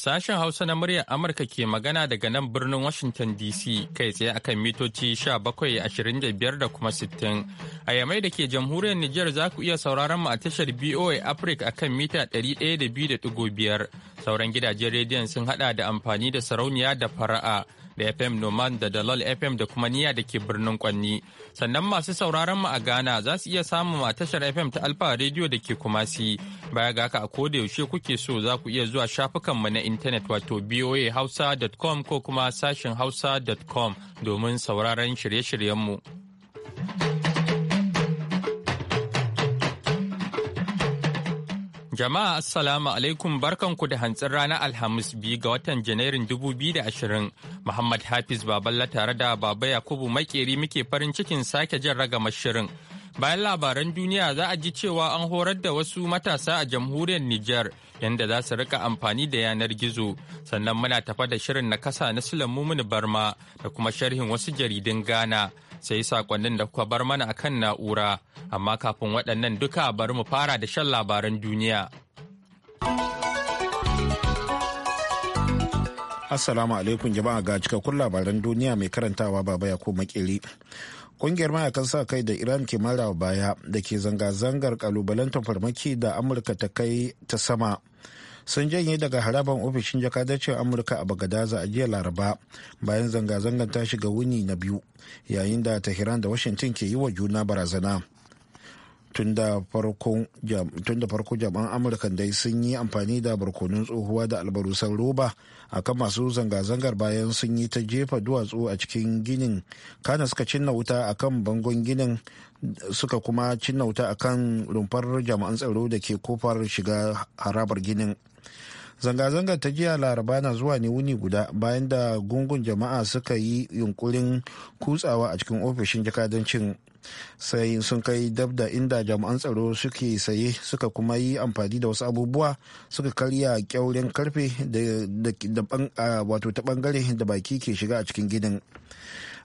Sashen Hausa na muryar Amurka ke magana daga nan birnin Washington DC kai tsaye akan mitoci 1725 da kuma 60. A yamai da ke jamhuriyar Nijar za ku iya sauraron mu a tashar BOA Africa akan mita 102.5. Sauran gidajen rediyon sun hada da amfani da sarauniya da fara'a. da FM Noman da Dalal FM da kuma niya da ke birnin Kwanni. Sannan masu sauraron mu a Ghana za su iya samun a tashar FM ta Alfa Radio da ke Kumasi. Baya ga haka a koda yaushe kuke so za ku iya zuwa shafukan mu na intanet wato boahausa.com ko kuma sashin hausa.com domin sauraron shirye shiryen mu. Jama'a Assalamu alaikum barkanku da hantsin ranar Alhamis biyu ga watan Janairun 2020 Muhammad Hafiz Baballa tare da Baba Yakubu Makeri muke farin cikin sake jan ragamar shirin. Bayan labaran duniya za a ji cewa an horar da wasu matasa a jamhuriyar Nijar yadda za su rika amfani da yanar gizo. Sannan muna tafa da shirin na kasa na Sulan Barma da kuma sharhin wasu jaridun Ghana. sai sakonnin da kuka bar mana akan na'ura amma kafin waɗannan duka bari mu fara da shan labaran duniya. Assalamu alaikum jama'a ga cikakkun labaran duniya mai karantawa baba ya ko makeri. Kungiyar mayakan sa kai da Iran ke mara baya da ke zanga-zangar kalubalen farmaki da Amurka ta kai ta sama. sun janye daga haraban ofishin jakadancin amurka a bagadaza a jiya laraba bayan zanga-zangar ta shiga wuni na biyu yayin da tehran da washington ke yi wa juna barazana tun da farko jami'an amurka dai sun yi amfani da barkonun tsohuwa da albarusan roba a kan masu zanga-zangar bayan sun yi ta jefa duwatsu a cikin ginin kana suka cinna wuta a kan bangon ginin suka kuma cinna wuta a kan rumfar jami'an tsaro da ke kofar shiga harabar ginin zanga zanga ta jiya laraba na zuwa ne wuni guda bayan da gungun jama'a suka yi yunkurin kutsawa a cikin ofishin jakadancin sai sun kai dab da inda jami'an tsaro suke saye suka kuma yi amfani da wasu abubuwa suka karya kyaurin karfe da wato ta bangare da baki ke shiga a cikin gidan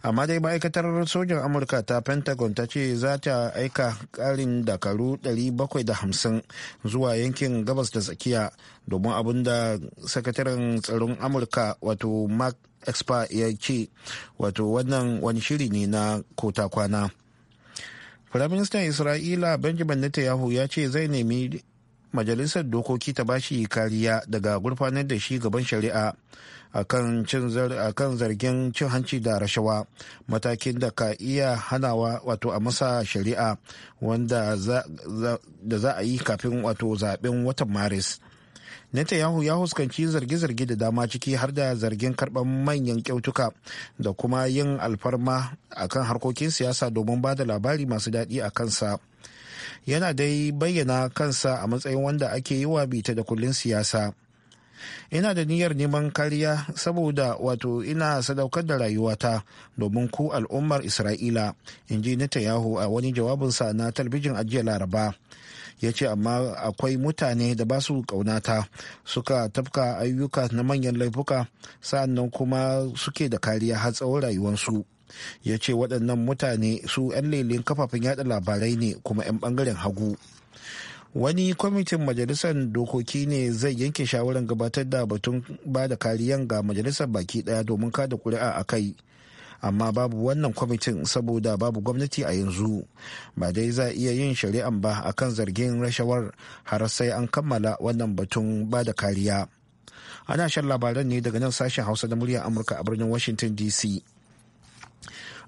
amma dai ma'aikatar sojan amurka ta pentagon ta ce za ta aika karin dakaru 750 zuwa yankin gabas da tsakiya domin abin da sakataren tsaron amurka wato mark expa ya ce wato wannan wani shiri ne na kota kwana firaministan isra'ila benjamin netanyahu ya ce zai nemi majalisar dokoki ta bashi kariya daga gurfanar da shi gaban shari'a a kan zargin cin hanci da rashawa matakin da ka iya hanawa wato a masa shari'a wanda da za a yi kafin wato zaben watan maris Netanyahu ya huskanci zarge-zarge da dama ciki har da zargin karɓar manyan kyautuka da kuma yin alfarma akan harkokin siyasa domin ba da labari masu daɗi a kansa. yana dai bayyana kansa a matsayin wanda ake yi wa bita da kullun siyasa ina da niyyar neman kariya saboda wato ina sadaukar da rayuwata domin ku al'ummar isra'ila in ji netanyahu a wani jawabinsa na talbijin ajiyar laraba ya ce amma akwai mutane da ba su kaunata suka tafka ayyuka na manyan laifuka sa'annan kuma suke da kariya har tsawon rayuwarsu ya ce waɗannan mutane su 'yan lelin kafafen yada labarai ne kuma 'yan ɓangaren hagu wani kwamitin majalisar dokoki ne zai yanke shawarar gabatar da batun ba da kariyan ga majalisar baki daya domin kada kuri'a a kai amma babu wannan kwamitin saboda babu gwamnati a yanzu ba dai za iya yin shari'an ba akan zargin rashawar har sai an kammala wannan batun ba da kariya ana shan labaran ne daga nan sashen hausa da muryar amurka a birnin washington dc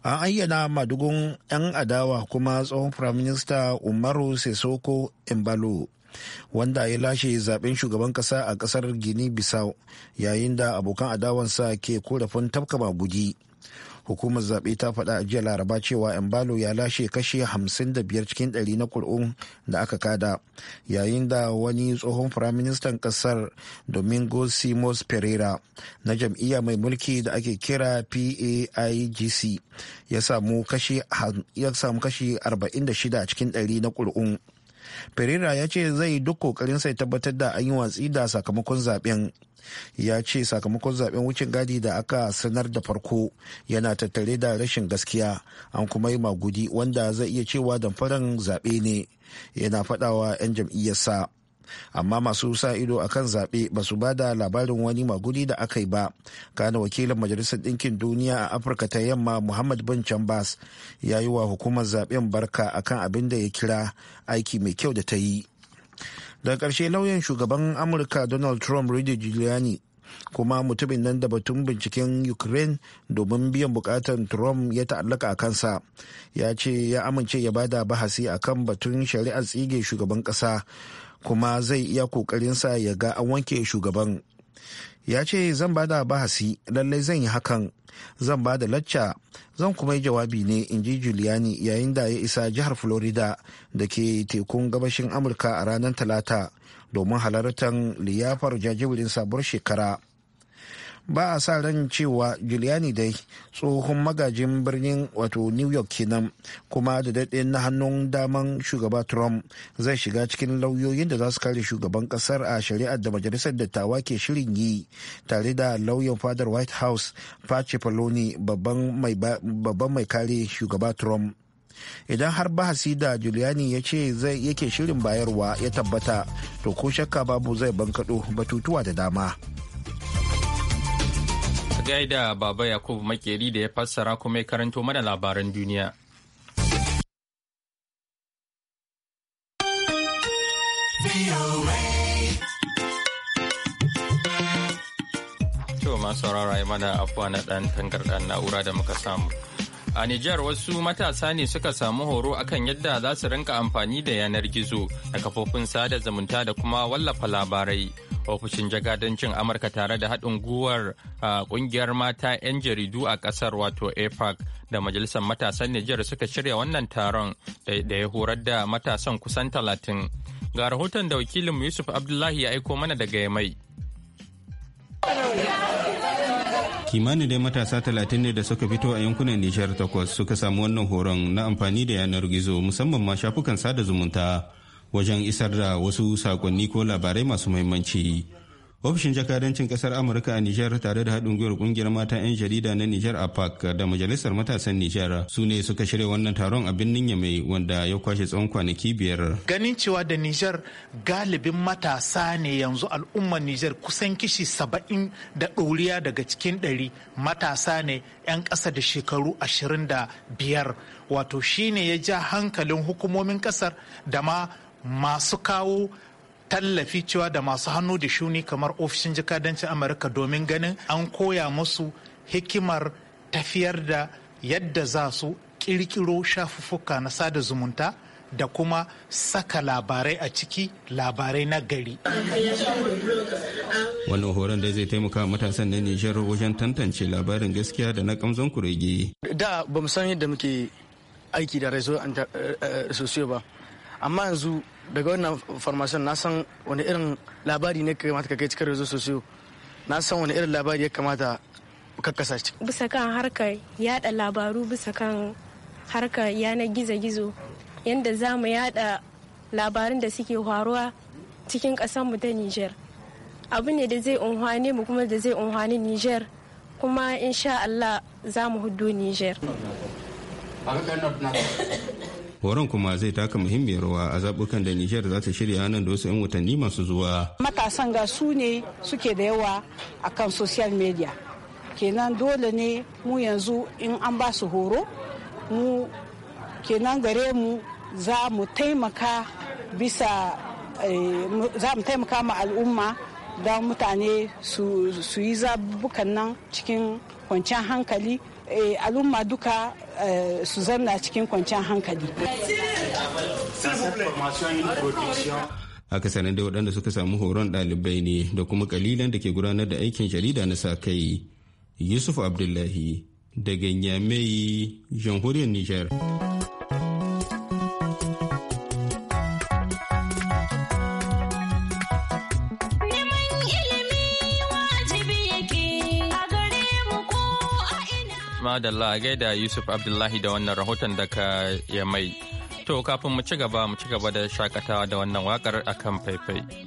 an ayyana madugun 'yan adawa kuma tsohon firaminista umaru sesoko imbalo wanda ya lashe zaben shugaban kasa a kasar gini bisau yayin da abokan adawansa ke korafin tafka maguji hukumar zaɓe ta faɗa a jiya laraba cewa embalo ya lashe kashe 55 cikin 100 na kur'un da aka kada yayin da wani tsohon firaministan ƙasar domingo simos pereira na jam'iyya mai mulki da ake kira paigc ya samu kashi 46 cikin 100 na kur'un Pereira ya ce zai duk kokarin sai tabbatar da an yi watsi da sakamakon zaben. Ya ce sakamakon zaben wucin gadi da aka sanar da farko yana tattare da rashin gaskiya an kuma yi magudi wanda zai iya cewa damfaran zaɓe ne yana faɗawa 'yan jam'iyyarsa. amma masu sa ido a kan zaɓe ba su ba da labarin wani magudi da aka yi ba kana wakilin majalisar ɗinkin duniya a afirka ta yamma muhammad bin chambers ya yi wa hukumar zaɓen barka a kan abin da ya kira aiki mai kyau da ta yi daga ƙarshe lauyan shugaban amurka donald trump rudy giuliani kuma mutumin nan da batun binciken ukraine domin biyan bukatar trump ya ta'allaka a kansa ya ce ya amince ya bada bahasi akan batun shari'ar tsige shugaban kasa kuma zai iya sa ya ga an wanke shugaban ya ce zan ba da bahasi lallai zan yi hakan zan ba da lacca zan kuma yi jawabi ne in ji giuliani yayin da ya isa jihar florida da ke tekun gabashin amurka a ranar talata domin halartar liyafar jajibirin sabuwar shekara ba a sa ran cewa giuliani dai tsohon magajin birnin wato new york kenan kuma da daɗe na hannun daman shugaba trump zai shiga cikin lauyoyin da za su kare shugaban ƙasar a shari'ar da majalisar dattawa ke shirin yi tare da lauyan fadar white house pace paloni babban mai kare shugaba trump idan har bahasi da Giuliani ya ce yake shirin bayarwa ya tabbata to ko shakka babu zai bankaɗo batutuwa da dama. gaida Baba Yakubu Makeri da ya fassara kuma ya karanto mana labaran duniya. To ma saurara mana afuwa na ɗan na'ura da muka samu. A Nijar wasu matasa ne suka samu horo akan yadda za su rinka amfani da yanar gizo da kafofin sada zumunta da kuma wallafa labarai. ofishin jagadancin amurka tare da haɗin guwar ƙungiyar mata 'yan jaridu a ƙasar wato apac da majalisar matasan nijar suka shirya wannan taron da ya horar da matasan kusan talatin ga rahoton da wakilinmu yusuf abdullahi ya aiko mana daga yamai kimanin dai matasa talatin ne da suka fito a yankunan nishar takwas suka samu wannan horon na amfani da yanar gizo musamman ma shafukan sada zumunta wajen isar da wasu sakonni ko labarai masu muhimmanci. Ofishin jakadancin kasar Amurka a Nijar tare da haɗin gwiwar ƙungiyar mata 'yan jarida na Nijar a Park da Majalisar Matasan Nijar su ne suka shirya wannan taron a birnin Yamai wanda ya kwashe tsawon kwanaki biyar. Ganin cewa da Nijar galibin matasa ne yanzu al'ummar Nijar kusan kishi saba'in da ɗoriya daga cikin ɗari matasa ne 'yan ƙasa da shekaru ashirin da biyar wato shine ya ja hankalin hukumomin ƙasar da ma masu kawo tallafi cewa da masu hannu da shuni kamar ofishin jikadancin amurka domin ganin an koya musu hikimar tafiyar da yadda za su kirkiro shafuffuka na sada zumunta da kuma saka labarai a ciki labarai na gari. Wannan horon da zai taimaka matasan na Nijar wajen tantance labarin gaskiya da na kamzon kurege. Da ba mu san yadda muke aiki da rezo eh, eh, eh, ba, amma yanzu daga wannan farmashin na san wani irin labari ne kamata ka kai cikin rezo sosiyo na san wani irin labari ya kamata ka kasa ci bisa kan harkar yada labaru bisa kan harkar yanar gizo-gizo yadda za mu yada labarin da suke faruwa cikin mu ta niger abu ne da zai unhwane mu kuma da zai unhwane niger kuma insha allah za mu hudu niger horon kuma zai taka muhimmiyar rawa a zabukan da nijar za ta shirya nan da wasu 'yan watanni masu zuwa matasan ga su ne suke da yawa a kan social media kenan dole ne mu yanzu in an ba su horo mu kenan gare mu za mu taimaka bisa eh, za mu taimaka ma al'umma don mutane su yi zabukan nan cikin kwanciyar hankali Eh, al'umma duka eh, su zanna cikin kwanciyar hankali. Akasarin da waɗanda suka samu horon ɗalibai ne da kuma kalilan da ke gudanar da aikin jarida na sa kai. Yusuf Abdullahi daga Nyamai, jamhuriyar Nijar. madalla gaida Yusuf Abdullahi da wannan rahoton da ka ya mai To kafin mu ci gaba mu ci gaba da shakatawa da wannan wakar akan faifai.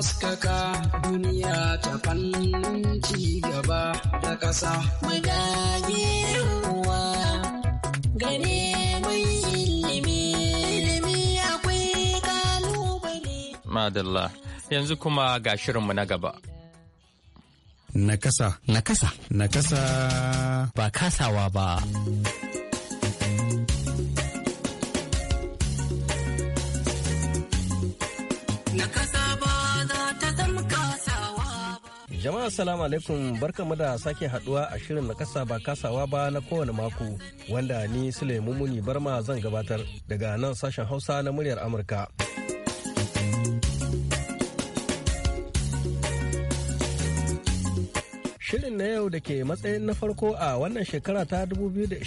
haskaka duniya ta fannin ci gaba da ƙasa. Magage uwa gare mai ilimi, ilimi akwai kalubale. Madalla, yanzu kuma ga shirinmu na gaba. Nakasa. Nakasa. Nakasa. Ba kasawa ba. Nakasa. Jama'a salamu alaikum barka mu da sake haduwa a shirin na kasa ba kasawa ba na kowane mako wanda ni Sule Mumuni Barma zan gabatar daga nan sashen Hausa na muryar Amurka. Shirin na yau da ke matsayin na farko a wannan shekara ta 2020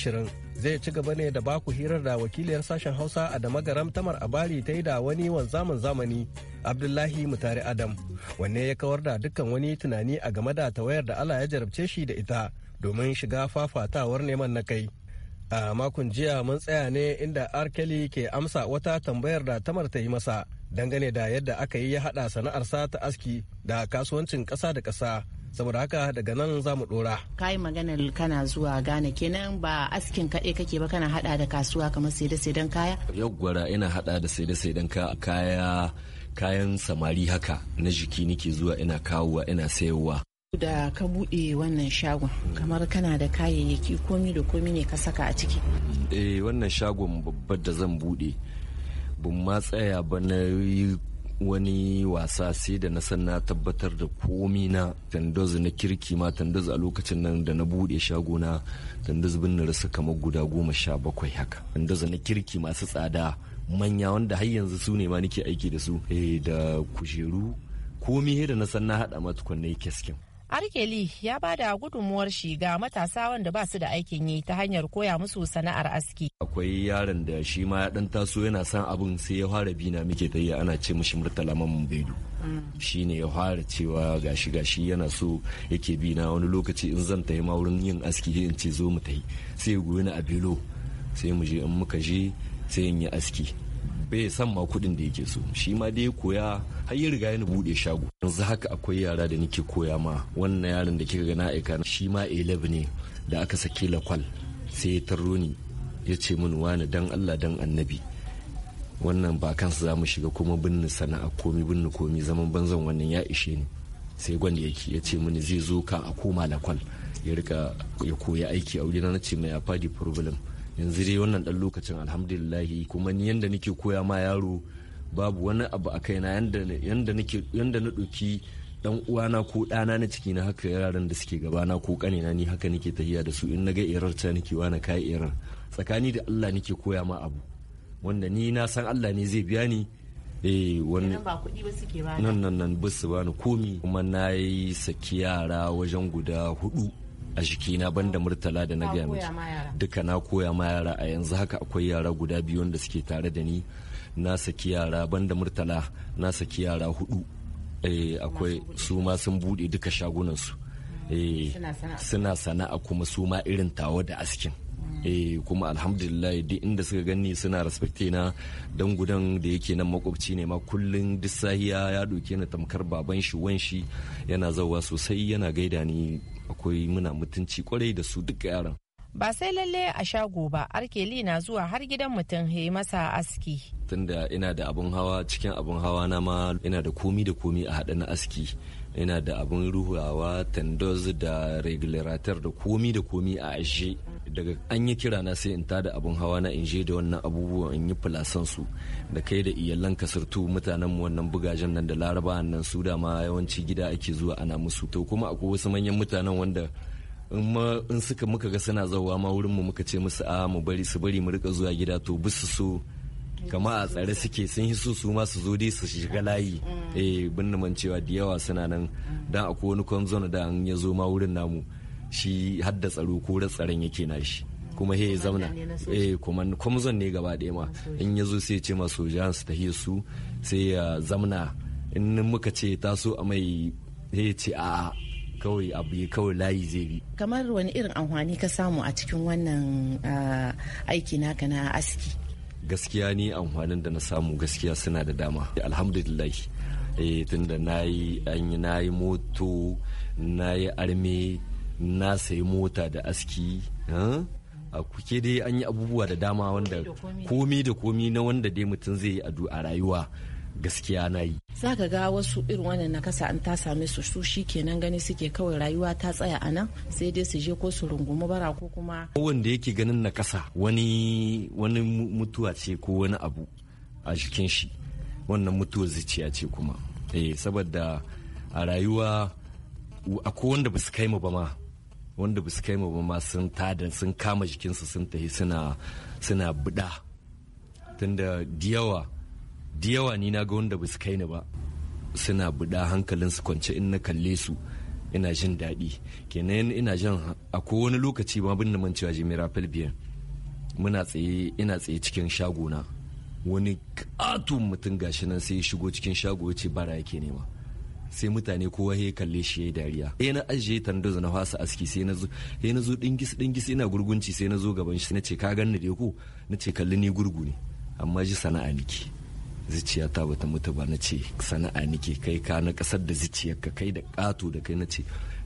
zai ci gaba ne da baku hirar da wakiliyar sashen hausa a garam tamar abari ta yi da wani wanzamin zamani abdullahi mutare adam wanne ya kawar da dukkan wani tunani a game da tawayar da allah ya jarabce shi da ita domin shiga fafatawar neman na kai a makon jiya mun tsaya ne inda arkeli ke amsa wata tambayar da tamar ta yi masa dangane da yadda aka yi ya haɗa sana'arsa ta aski da kasuwancin ƙasa da ƙasa saboda haka daga nan za mu dora kai maganar kana zuwa Ghana kenan ba askin kaɗai kake ba kana hada da kasuwa kamar saida saidan kaya yau ina hada da saida saidan kaya kayan samari haka na jiki nake zuwa ina kawowa ina sayowa da ka buɗe wannan shagon kamar kana da kayayyaki komi da komi ne ka saka a ciki eh wannan shagon babbar da zan buɗe ban ma tsaya ba na wani wasa sai da na san na tabbatar da komi na na kirki ma Tandazu a lokacin nan da na buɗe shagona na bin na rasa kamar guda goma sha bakwai haka Tandazu na kirki masu tsada manya wanda har yanzu su ne ma nake aiki da su eh, da kujeru komi da na san na haɗa matukunne keskin Arkeli ya ba da gudunmuwar shi ga matasa wanda ba su da aikin yi ta hanyar koya musu sana'ar aski. Akwai yaron da shi ma ya dan taso yana son abin sai ya fara bina muke ta yi ana ce mishi murtala mamu baidu. Shi ne ya fara cewa gashi gashi yana so yake bina wani lokaci in zan tayi ma wurin yin aski in ce zo mu yi sai ya goyi na a belo sai mu je in muka je sai in yi aski. bai san ma kuɗin da yake so shi ma dai koya har ya riga yana buɗe shago yanzu haka akwai yara da nake koya ma wannan yaron da kika ga na aika shi ma 11 ne da aka sake lakwal sai ya tarro ni ya ce min wani dan Allah dan annabi wannan ba kansa za mu shiga kuma binne sana'a komi binne komi zaman banzan wannan ya ishe ni sai gwanda yake ya ce mini zai zo ka a koma lakwal ya rika ya koya aiki a wuri na ce mai a fadi problem yanzu dai wannan dan lokacin alhamdulillahi kuma ni yanda nake koya ma yaro babu wani abu a kaina yanda na ɗauki dan uwana ko ɗana na ciki na haka yaran da suke gabana ko kanina ni haka nake tahiya da su in na ga irar ta nake na kai irar tsakani da Allah nake koya ma abu wanda ni na san Allah ne zai biya ni eh wani ba kuɗi ba suke bani nan nan nan ba su komi kuma na yi saki yara wajen guda hudu a jikina da murtala da na gaya duka na koya ma yara a yanzu haka akwai yara guda biyu wanda suke tare da ni na saki yara ban da murtala na saki yara hudu eh, akwai su ma sun bude duka shagunansu mm, eh, suna sana'a kuma su ma irin tawa da askin eh kuma alhamdulillah duk inda suka gani suna respecte na dan gudan da yake nan makwabci ne ma kullun duk sahiya ya doke na tamkar baban shi wan shi yana zauwa sosai yana gaida ni akwai muna mutunci kwarai da su duka yaran ba sai lalle a shago ba arkeli na zuwa har gidan mutum he masa aski tunda ina da abun hawa cikin abun hawa na ma ina da komi da komi a haɗe na aski yana da abin ruhuwa tandos da regulator da komi da komi a ashe daga an yi kira na sai in tada abin hawa na in je da wannan abubuwan in yi filasan su da kai da iyalan kasartu mutanen mu wannan bugajen nan da laraba nan su da ma yawanci gida ake zuwa ana musu to kuma akwai wasu manyan mutanen wanda in suka muka ga suna zawa ma wurin mu muka ce musu a ah, mu bari su bari mu rika zuwa gida to bisu so kama a tsare suke sun yi su ma su zo dai su shiga layi mm. eh binne cewa da yawa suna nan mm. dan akwai wani konzon da an ya zo ma wurin namu shi hadda tsaro ko tsaron yake nashi kuma he zamna eh kuma komzon ne gaba ɗaya ma in ya zo sai ce ma sojan su ta su sai ya zamna in muka ce taso a mai he ce a kawai abu ya kawai layi zai bi kamar wani irin amfani ka samu a cikin wannan ah, aiki naka na aski gaskiya ne, amfanin da na samu gaskiya suna da dama alhamdulillah eh tunda na yi na moto na yi arme na sayi mota da aski eh. a kuke dai an yi abubuwa da dama wanda komi da komi na wanda dai mutum zai yi a rayuwa gaskiya na yi za ka ga wasu irin wannan nakasa an ta same su su shi kenan gani suke kawai rayuwa ta tsaya a nan sai dai su je ko su rungumi bara ko kuma wanda yake ganin nakasa wani wani mutuwa ce ko wani abu a jikin shi wannan mutuwar zuciya ce kuma eh saboda a rayuwa akwai wanda ba su kai mu ba ma wanda ba su kai mu ba ma sun tada sun kama jikinsu sun tafi suna suna buda tunda da yawa da yawa ni na ga wanda ba su kai ni ba suna buɗa hankalin su kwance in na kalle su ina jin daɗi kenan ina jin a wani lokaci ma bin man cewa jimira filbiyan muna tsaye ina tsaye cikin shagona wani katon mutum gashi nan sai ya shigo cikin shago ya ce bara yake nema sai mutane kowa ya kalle shi ya dariya sai na ajiye tandoza na fasa aski sai na zo na zo dingis dingis ina gurgunci sai na zo gaban shi na ce ka ganni ya ko na ce kalli ni gurgu ne amma ji sana'a niki zuciya ta bata mutu ba na ce sana'a nake kai ka na kasar da ziciya ka kai da ƙato da kai na ce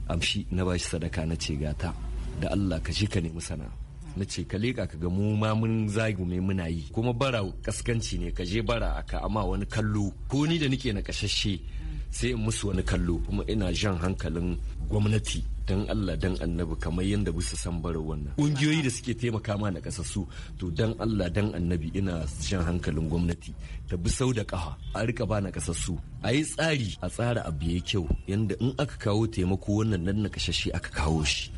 amshi na bashi sadaka na ce gata da Allah ka shi ka nemi sana'a na ce ka leƙa ka ga mu ma mun zagume muna yi kuma bara kaskanci ne ka je bara aka amma wani kallo ko ni da nike na kashashe sai in musu wani kallo kuma ina jan hankalin gwamnati dan Allah dan annabi kamar yadda bisa san bara wannan ƙungiyoyi da suke taimaka ma na su to dan Allah dan annabi ina shan hankalin gwamnati ta bi sau da kafa a rika ba na su a yi tsari a tsara abu ya kyau yadda in aka kawo taimako wannan nan na kashashe aka kawo shi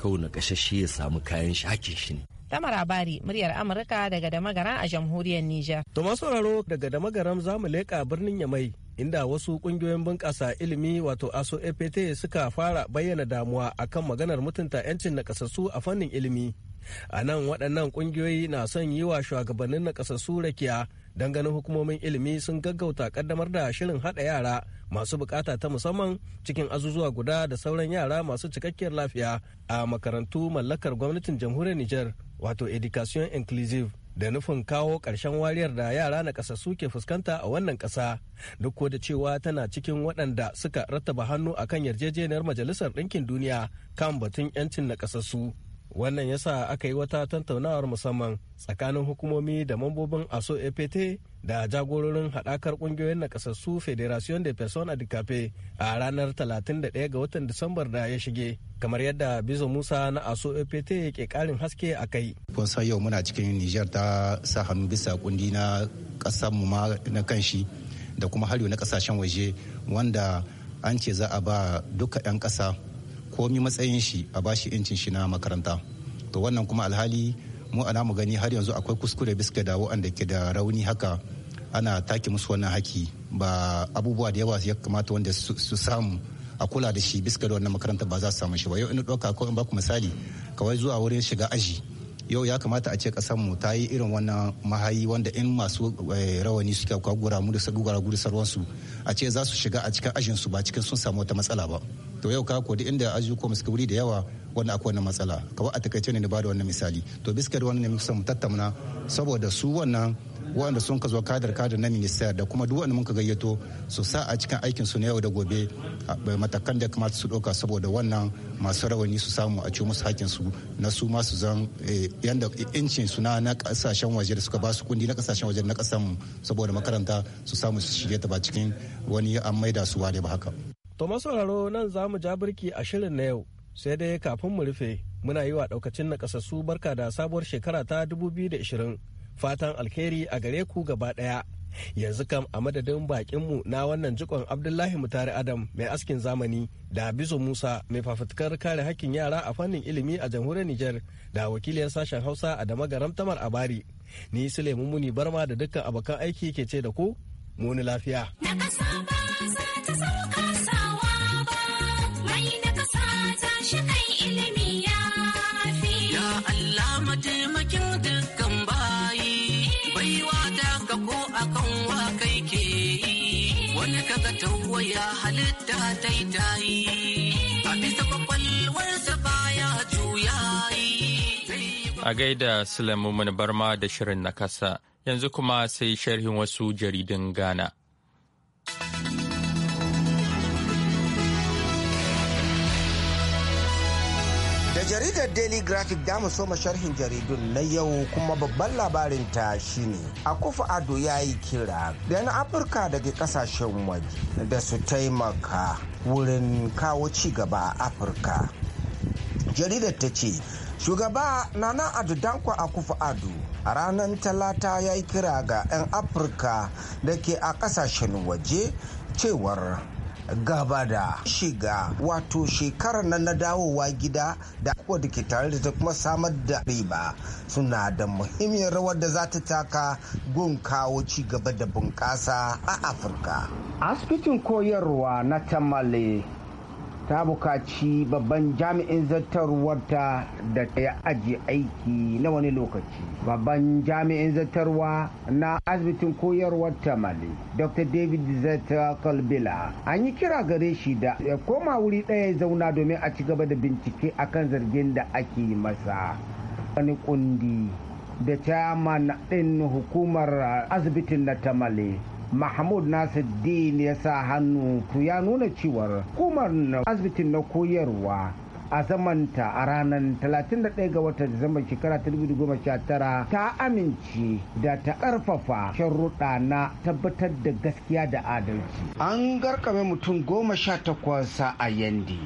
kawo na kashashe ya samu kayan shi hakin shi ne Tamar Abari muryar Amurka daga Damagaran a jamhuriyar Nijar. To raro daga damagaran za mu leƙa birnin Yamai inda wasu kungiyoyin bunƙasa ilimi wato aso apt suka fara bayyana damuwa akan maganar mutunta 'yancin nakasassu a fannin ilimi a nan waɗannan ƙungiyoyi na son yi wa shugabannin nakasassu rakiya don ganin hukumomin ilimi sun gaggauta kaddamar da shirin haɗa yara masu bukata ta musamman cikin azuzuwa guda da sauran yara masu cikakkiyar lafiya a makarantu mallakar gwamnatin jamhuriyar niger wato education inclusive da nufin kawo ƙarshen wariyar da yara na ke fuskanta a wannan ƙasa duk da cewa tana cikin waɗanda suka rattaba hannu akan yarjejeniyar majalisar ɗinkin duniya kan batun 'yancin na su wannan yasa aka yi wata tantaunawar musamman tsakanin hukumomi da mambobin aso apt da jagororin haɗakar ƙungiyoyin nakasassu federation de de cape a ranar 31 ga watan disambar da ya shige kamar yadda bizo musa na aso apt ke ƙarin haske a kai kun yau muna cikin niger ta sa hannu bisa kundi na ƙasar mu ma na kanshi da kuma hali na kasashen waje wanda an ce za a ba duka 'yan ƙasa komi matsayin shi a bashi incin shi na makaranta to wannan kuma alhali mu ana mu gani har yanzu akwai kuskure biska da wa'anda ke da rauni haka ana take musu wannan haki ba abubuwa da yawa ya kamata wanda su samu a kula da shi biska da wannan makaranta ba za su samu shi ba yau in ɗauka ko in baku misali kawai zuwa wurin shiga aji yau ya kamata a ce mu ta yi irin wannan mahayi wanda in masu eh, rawani suka kwagura mu da a ce za su shiga a cikin ajinsu ba cikin sun samu wata matsala ba to yau ka kodi inda aji ko musu wuri da yawa wanda akwai wannan matsala kawai a takaice ne ba da wannan misali to biskar wannan ne mu tattauna saboda su wannan waɗanda sun ka zo kadar kadar na minister da kuma duk mun ka gayyato su sa a cikin aikin su na yau da gobe matakan da kamata su ɗauka saboda wannan masu rawani su samu a ci musu hakkin su na su ma su zan eh, yanda incin su na na kasashen waje da suka ba su kundi na kasashen waje na kasan saboda makaranta su samu su shige ta ba cikin wani an maida su ware ba haka. To masauraro nan za mu ja birki a shirin na yau sai dai kafin mu rufe muna yi wa daukacin na kasassu barka da sabuwar shekara ta 2020 fatan alheri a gare ku gaba ɗaya yanzu kam a madadin bakinmu na wannan jikon abdullahi mutare adam mai askin zamani da bizo musa mai fafutukar kare hakkin yara a fannin ilimi a jamhuriyar niger da wakiliyar sashen hausa a dama garam tamar abari ni suleiman muni barma da dukkan abokan aiki ke ce da ku muni lafiya. a bisa kwakwalwarsa baya juyayi. A gaida Barma da shirin nakasa, yanzu kuma sai sharhin wasu jaridun Ghana. Da jaridar Daily Graphic da soma sharhin jaridun na yau kuma babban labarin ta shine Akufa Ado ya yi kira da Afirka daga kasashen waje da su taimaka wurin kawo ci gaba a Afirka. Jaridar ta ce, Shugaba Nana Ado Danko Akufa Ado a ranar talata ya yi kira ga 'yan Afirka da ke a kasashen waje cewar gaba da shiga wato shekarar nan na dawowa gida da wadda ke tare da ta kuma samar da riba suna da muhimmiyar rawar da za ta taka gun kawo ci gaba da bunƙasa a afirka asibitin koyarwa na tamale ta bukaci babban jami'in zartarwarta da ya ajiye aiki na wani lokaci babban jami'in zartarwa na asibitin koyarwar ta mali dr david zeta kalbila an yi kira gare shi da ya koma wuri ɗaya zauna domin a ci gaba da bincike a kan zargin da ake masa wani kundi da chairman ɗin hukumar asibitin na tamale mahmud nasiruddin ya sa hannu ya nuna cewar hukumar asibitin na koyarwa a zamanta a ranar 31 ga watan Disambar shekara 2019 ta amince da ta karfafa sharuɗa na tabbatar da gaskiya da adalci. An garkame mutum goma sha takwas a yandi.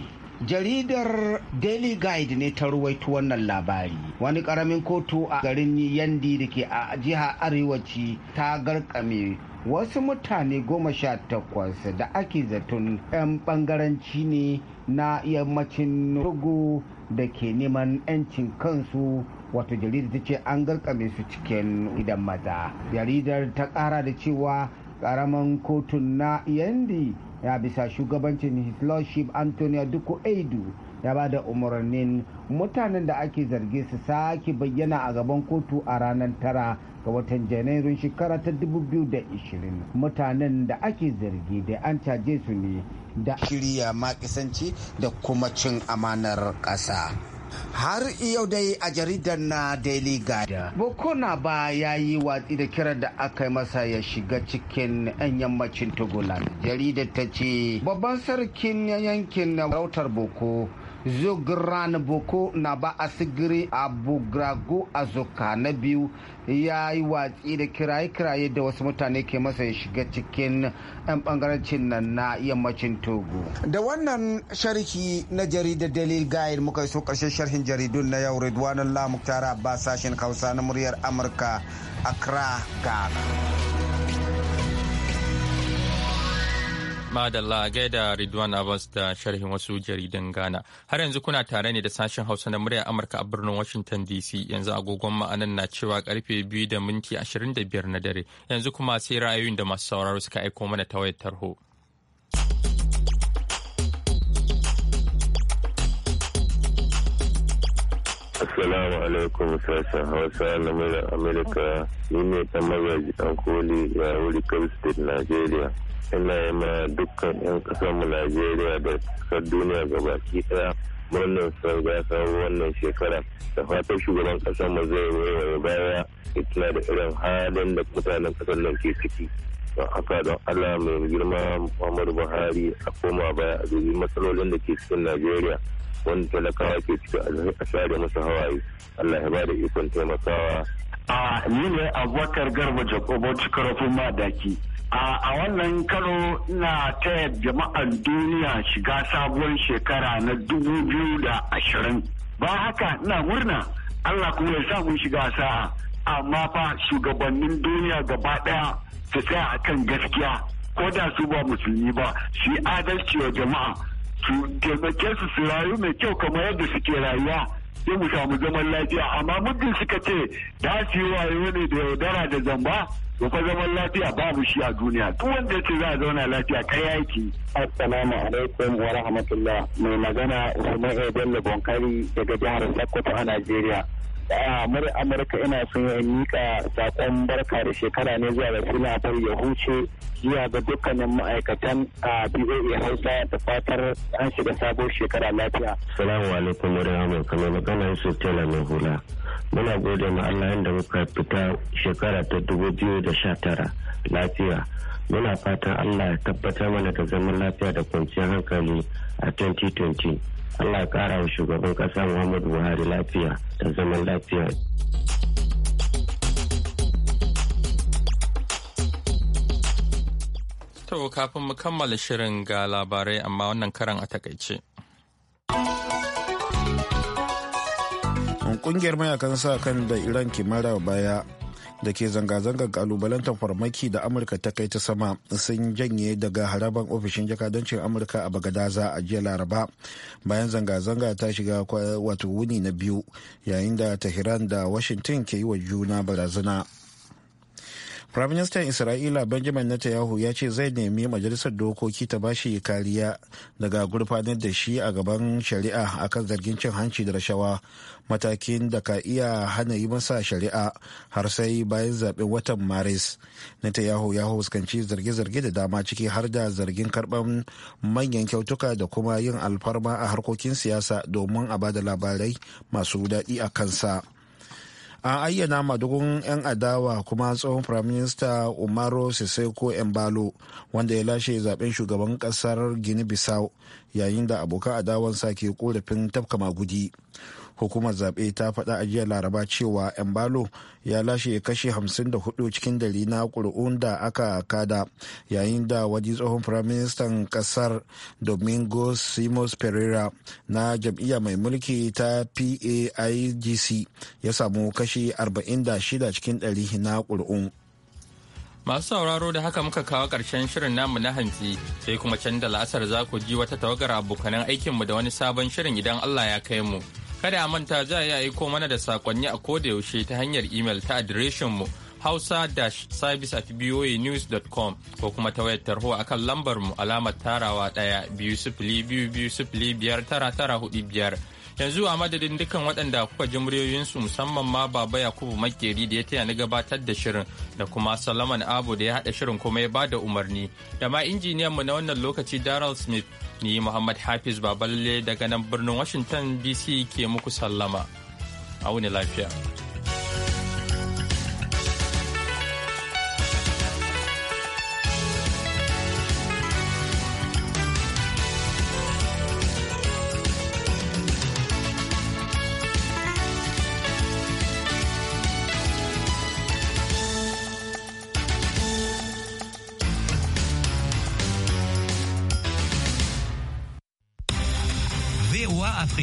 jaridar daily guide ne ta ruwaito wannan labari wani karamin kotu a garin yandi da ke a jihar arewaci ta garkame wasu mutane goma sha takwas da ake zaton 'yan bangaranci ne na yammacin togo da ke neman 'yancin kansu wato jaridar ta ce an garkame su cikin idan maza jaridar ta kara da cewa karamin kotun na yandi ya bisa shugabancin his lordship antonio duku aidu ya ba da umarnin mutanen da ake zarge su sake bayyana a gaban kotu a ranar tara ga watan janairun shekara ta 2020 mutanen da ake zargi da an caje su ne da shirya makisanci da kuma cin amanar ƙasa. har yau dai a jaridar na daily guide na ba ya yi watsi da kiran da aka yi masa ya shiga cikin 'yan yammacin togoland jaridar ta ce babban sarkin yankin na rautar boko na boko na ba a sigiri a zuka na biyu ya yi watsi da kiraye-kiraye da wasu mutane ke masa shiga cikin 'yan bangarancin nan na yammacin togo da wannan sharhi na jaridar daily guide muka so karshen sharhin jaridun na yau ridwanan lamuk tara ba sashen hausa na muryar amurka accra ghana Madalla gaida Ridwan Abbas da sharhin wasu jaridan Ghana. Har yanzu kuna tare ne da sashen Hausa na murya Amurka a birnin Washington DC yanzu agogon ma'anan na cewa karfe biyu da minti ashirin na dare. Yanzu kuma sai ra'ayoyin da masu sauraro suka aiko mana ta wayar tarho. Assalamu alaikum sashen Hausa na murya Amurka. Ni ne ta mazaji ɗan koli ya wuri State Nigeria. ina yi ma dukkan 'yan mu Najeriya da ƙasar duniya gabaki ɗaya murnar sargasar wannan shekara da fatan shugaban ƙasar mu zai ya baya tuna da irin halin da mutanen kasar nan ke ciki don haka don Allah mai girma Muhammadu Buhari a koma baya a zuri matsalolin da ke cikin Najeriya wanda talakawa ke ciki a share musu hawaye Allah ya ba da ikon taimakawa. A ni ne Abubakar Garba Jakobo Cikarofin Madaki. a wannan karo na taya jama'ar duniya shiga sabuwar shekara na dubu biyu da ashirin ba haka na murna allah kuma ya sa mun shiga sa'a amma fa shugabannin duniya gaba daya su tsaya a kan gaskiya ko da su ba musulmi ba su adalci wa jama'a su taimake su su rayu mai kyau kamar yadda suke rayuwa sai mu samu zaman lafiya amma muddin suka ce da su wayo ne da yaudara da zamba to fa zaman lafiya babu shi a duniya duk wanda ce za a zauna lafiya kai yaki assalamu alaikum wa rahmatullah mai magana Usman Bello Bonkari daga jihar Sokoto a Najeriya a amurka ina son ya mika sakon barka da shekara ne zuwa da labar ya huce zuwa ga dukkanin ma'aikatan a boa hausa da fatar an shiga sabon shekara lafiya salamu alaikum wa rahmatullahi mai magana yusuf tela mai hula muna gode ma allah yadda muka fita shekara ta dubu biyu da sha tara lafiya muna fatan allah ya tabbatar mana da zaman lafiya da kwanciyar hankali a 2020 allah ya kara wa shugaban kasa muhammadu buhari lafiya da zaman lafiya To kafin mu kammala shirin ga labarai amma wannan karan a takaice. Kungiyar mayakan sa kan da Iran kimara baya da ke zanga-zangar kalubalantar farmaki da amurka ta kai ta sama sun janye daga haraban ofishin jakadancin amurka a bagadaza a jiya laraba bayan zanga-zanga ta shiga wato wuni na biyu yayin da tehran da washington ke yi wa juna barazana Firaministan Isra'ila Benjamin Netanyahu ya ce zai nemi majalisar dokoki ta bashi kariya daga gurfanar da shi a gaban shari'a akan zargin cin hanci da rashawa matakin da ka iya hana yi masa shari'a har sai bayan zaben watan Maris. Netanyahu ya fuskanci zarge-zarge da dama ciki har da zargin karban manyan kyautuka da kuma yin alfarma a harkokin siyasa domin a bada labarai masu daɗi a kansa. an ayyana madugun 'yan adawa kuma tsohon firaminista umaru siseko embalo wanda ya lashe zaben shugaban kasar gini bissau yayin da abokan adawansa ke korafin tafka magudi hukumar zaɓe ta faɗa a jiya laraba cewa embalo ya lashe kashe 54 cikin dari na ƙuri'un da aka kada yayin da waje tsohon firaministan ƙasar domingo simos pereira na jam'iyya mai mulki ta paigc ya samu kashe 46 cikin dari na ƙuri'un Masu sauraro da haka muka kawo ƙarshen shirin namu na hantsi sai kuma can da la'asar za ku ji wata tawagar abokanan aikinmu da wani sabon shirin idan Allah ya kai mu. Kada a manta za a aiko mana da saƙonni a koda yaushe ta hanyar imel ta adireshinmu hausa-service at com ko kuma ta wayar tarho a kan lambar mu alamar tarawa ɗaya biyu sifili biyu biyu sifili biyar tara tara hudu biyar. yanzu a madadin dukkan waɗanda kuka ji muryoyinsu musamman ma baba yakubu makeri da ya taya ni gabatar da shirin da kuma salaman abu da ya haɗa shirin kuma ya bada umarni da ma injiniyanmu na wannan lokaci daryl smith ni muhammad hafiz baballe daga nan birnin washington dc ke muku sallama a wuni lafiya